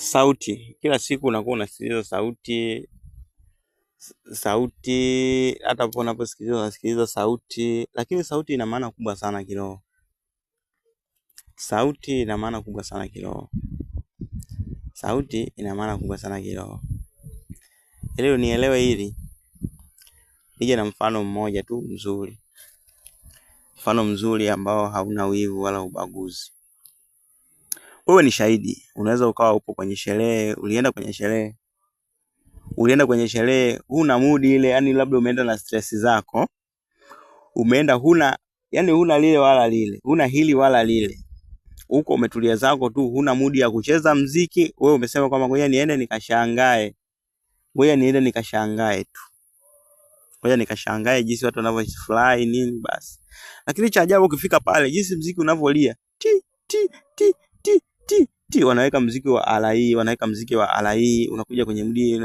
sauti. Kila siku unakuwa unasikiliza sauti, sauti hata po unaposikiliza unasikiliza sauti, lakini sauti ina maana kubwa sana kiroho. Sauti ina maana kubwa sana kiroho. Sauti ina maana kubwa sana kiroho. Leo nielewe hili, nije na mfano mmoja tu mzuri, mfano mzuri ambao hauna wivu wala ubaguzi. Wewe ni shahidi, unaweza ukawa upo kwenye sherehe, ulienda kwenye sherehe, ulienda kwenye sherehe, huna mood ile, yani labda umeenda na stress zako, umeenda huna, yani huna lile wala lile, huna hili wala lile, huko umetulia zako tu, huna mood ya kucheza mziki. Wewe umesema kwamba ngoja niende nikashangae, ngoja niende nikashangae tu, ngoja nikashangae jinsi watu wanavyofurahi nini basi. Lakini cha ajabu ukifika pale, jinsi mziki unavolia ti ti ti ti ti, wanaweka mziki wa alai, wanaweka mziki wa alai, unakuja kwenye mdi,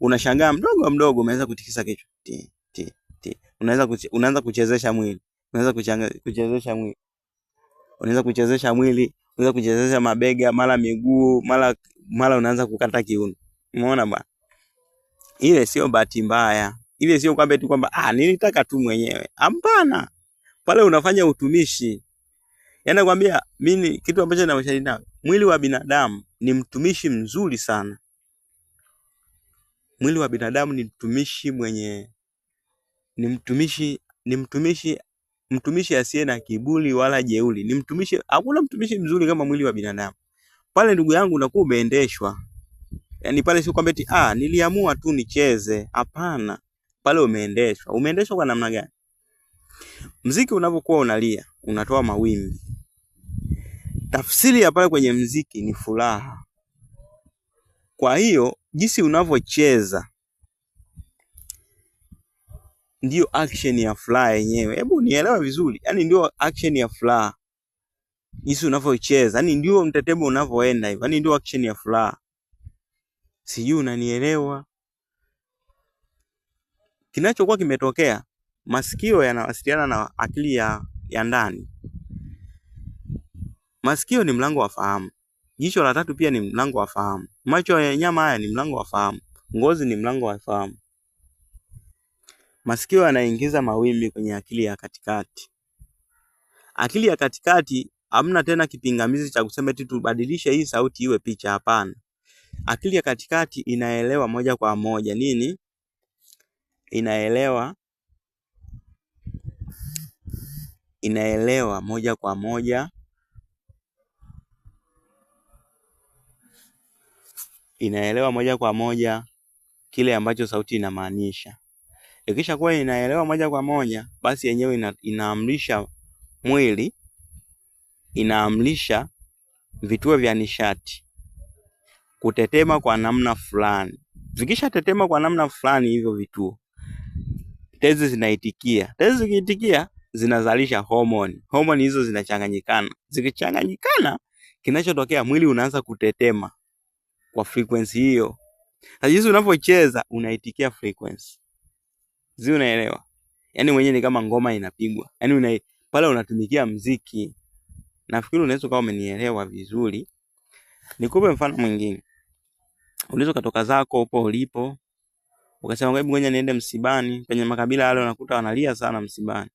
unashangaa mdogo mdogo umeanza kutikisa kichwa ti ti ti, unaweza unaanza kuchezesha mwili, unaweza kuchezesha mwili, unaweza kuchezesha mwili, unaweza kuchezesha mabega, mara miguu, mara mara unaanza kukata kiuno. Umeona ba, ile sio bahati mbaya, ile sio kwamba tu kwamba ah, nilitaka tu mwenyewe. Hapana, pale unafanya utumishi Yaani nakwambia mimi kitu ambacho nawashari nawe, mwili wa binadamu ni mtumishi mzuri sana. Mwili wa binadamu ni mtumishi mwenye ni mtumishi ni mtumishi mtumishi asiye na kiburi wala jeuli. Ni mtumishi, hakuna mtumishi mzuri kama mwili wa binadamu. Pale ndugu yangu unakuwa umeendeshwa. Yaani pale sio kwamba eti ah, niliamua tu nicheze. Hapana. Pale umeendeshwa. Umeendeshwa kwa namna gani? Mziki unavyokuwa unalia, unatoa mawimbi. Tafsiri ya pale kwenye mziki ni furaha. Kwa hiyo jinsi unavyocheza ndiyo action ya furaha yenyewe. Hebu nielewe vizuri, yaani ndio action ya furaha, jinsi unavyocheza, yaani ndio mtetemo unavyoenda hivyo, yaani ndio action ya furaha. Sijui unanielewa? Kinachokuwa kimetokea, masikio yanawasiliana na akili ya, ya ndani. Masikio ni mlango wa fahamu. Jicho la tatu pia ni mlango wa fahamu. Macho ya nyama haya ni mlango wa fahamu. Ngozi ni mlango wa fahamu. Masikio yanaingiza mawimbi kwenye akili ya katikati. Akili ya katikati hamna tena kipingamizi cha kusema eti tubadilishe hii sauti iwe picha. Hapana, akili ya katikati inaelewa moja kwa moja nini, inaelewa inaelewa moja kwa moja inaelewa moja kwa moja kile ambacho sauti inamaanisha. Ikisha kuwa inaelewa moja kwa moja, basi yenyewe ina, inaamrisha mwili, inaamrisha vituo vya nishati kutetema kwa namna fulani. tetema kwa namna fulani, hivyo vituo tezi zinaitikia. Tezi zikiitikia, zinazalisha homoni. Homoni hizo zinachanganyikana, zikichanganyikana, kinachotokea mwili unaanza kutetema kwa frequency hiyo. Na jinsi unavyocheza unaitikia frequency. Zi unaelewa? Yaani mwenyewe ni kama ngoma inapigwa. Yaani una pale unatumikia mziki. Nafikiri unaweza kama umenielewa vizuri. Nikupe mfano mwingine. Unaweza kutoka zako upo ulipo, ukasema hebu ngoja niende msibani. Kwenye makabila yale unakuta wanalia sana msibani.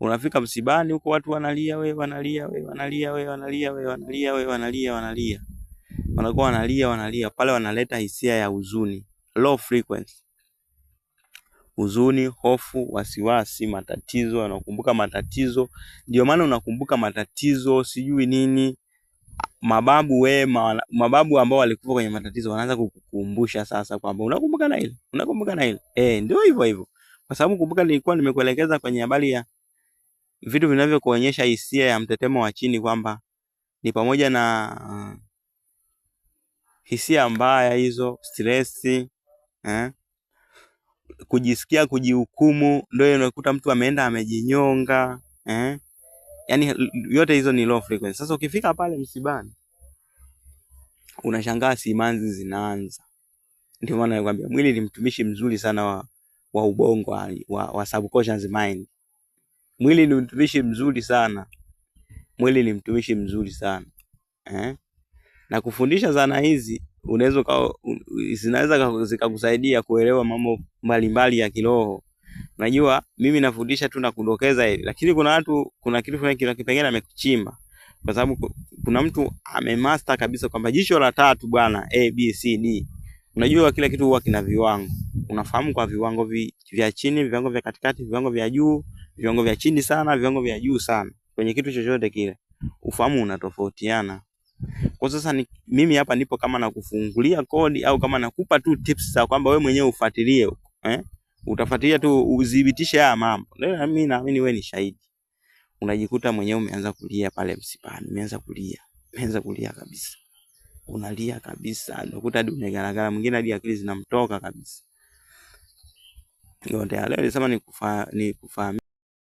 Unafika msibani huko, watu wanalia, wewe wanalia, wewe wanalia, wewe wanalia, wewe wanalia, wewe wanalia, wanalia wanakuwa wanalia wanalia pale, wanaleta hisia ya huzuni, low frequency, huzuni, hofu, wasiwasi, matatizo. Wanakumbuka matatizo, ndio maana unakumbuka matatizo, sijui nini, mababu wema, mababu ambao walikufa kwenye matatizo, wanaanza kukukumbusha sasa kwamba unakumbuka na ile, unakumbuka na ile. Eh, ndio hivyo hivyo, kwa sababu kumbuka, nilikuwa nimekuelekeza kwenye habari ya vitu vinavyokuonyesha hisia ya mtetemo wa chini kwamba ni pamoja na uh, hisia mbaya hizo, stresi eh? kujisikia kujihukumu, ndio unakuta mtu ameenda amejinyonga eh? Yani yote hizo ni low frequency. Sasa ukifika pale msibani, unashangaa simanzi zinaanza. Ndio maana nakwambia mwili ni mtumishi mzuri sana wa, wa ubongo wa, wa, wa subconscious mind. Mwili ni mtumishi mzuri sana, mwili ni mtumishi mzuri sana eh? na kufundisha zana hizi unaweza zinaweza zikakusaidia kuelewa mambo mbalimbali ya kiroho. Unajua, mimi nafundisha tu na kudokeza hivi, lakini kuna watu, kuna kitu fulani kina kipengele amekuchimba, kwa sababu kuna mtu amemaster kabisa kwamba jicho la tatu bwana, A B C D. Unajua, kila kitu huwa kina viwango, unafahamu kwa viwango vi, vya chini, viwango vya katikati, viwango vya juu, viwango vya chini sana, viwango vya juu sana, kwenye kitu chochote kile ufahamu unatofautiana. Kwa sasa ni, mimi hapa nipo kama nakufungulia kodi au kama nakupa tu tips za kwamba wewe mwenyewe ufuatilie eh? Utafuatilia tu udhibitishe haya mambo. Leo mimi naamini wewe ni shahidi. Unajikuta mwenyewe umeanza kulia pale msipani, umeanza kulia, umeanza kulia kabisa. Unalia kabisa, unakuta hadi umegaragara, mwingine hadi akili zinamtoka kabisa. Ndio leo nilisema nikufa, nikufahamu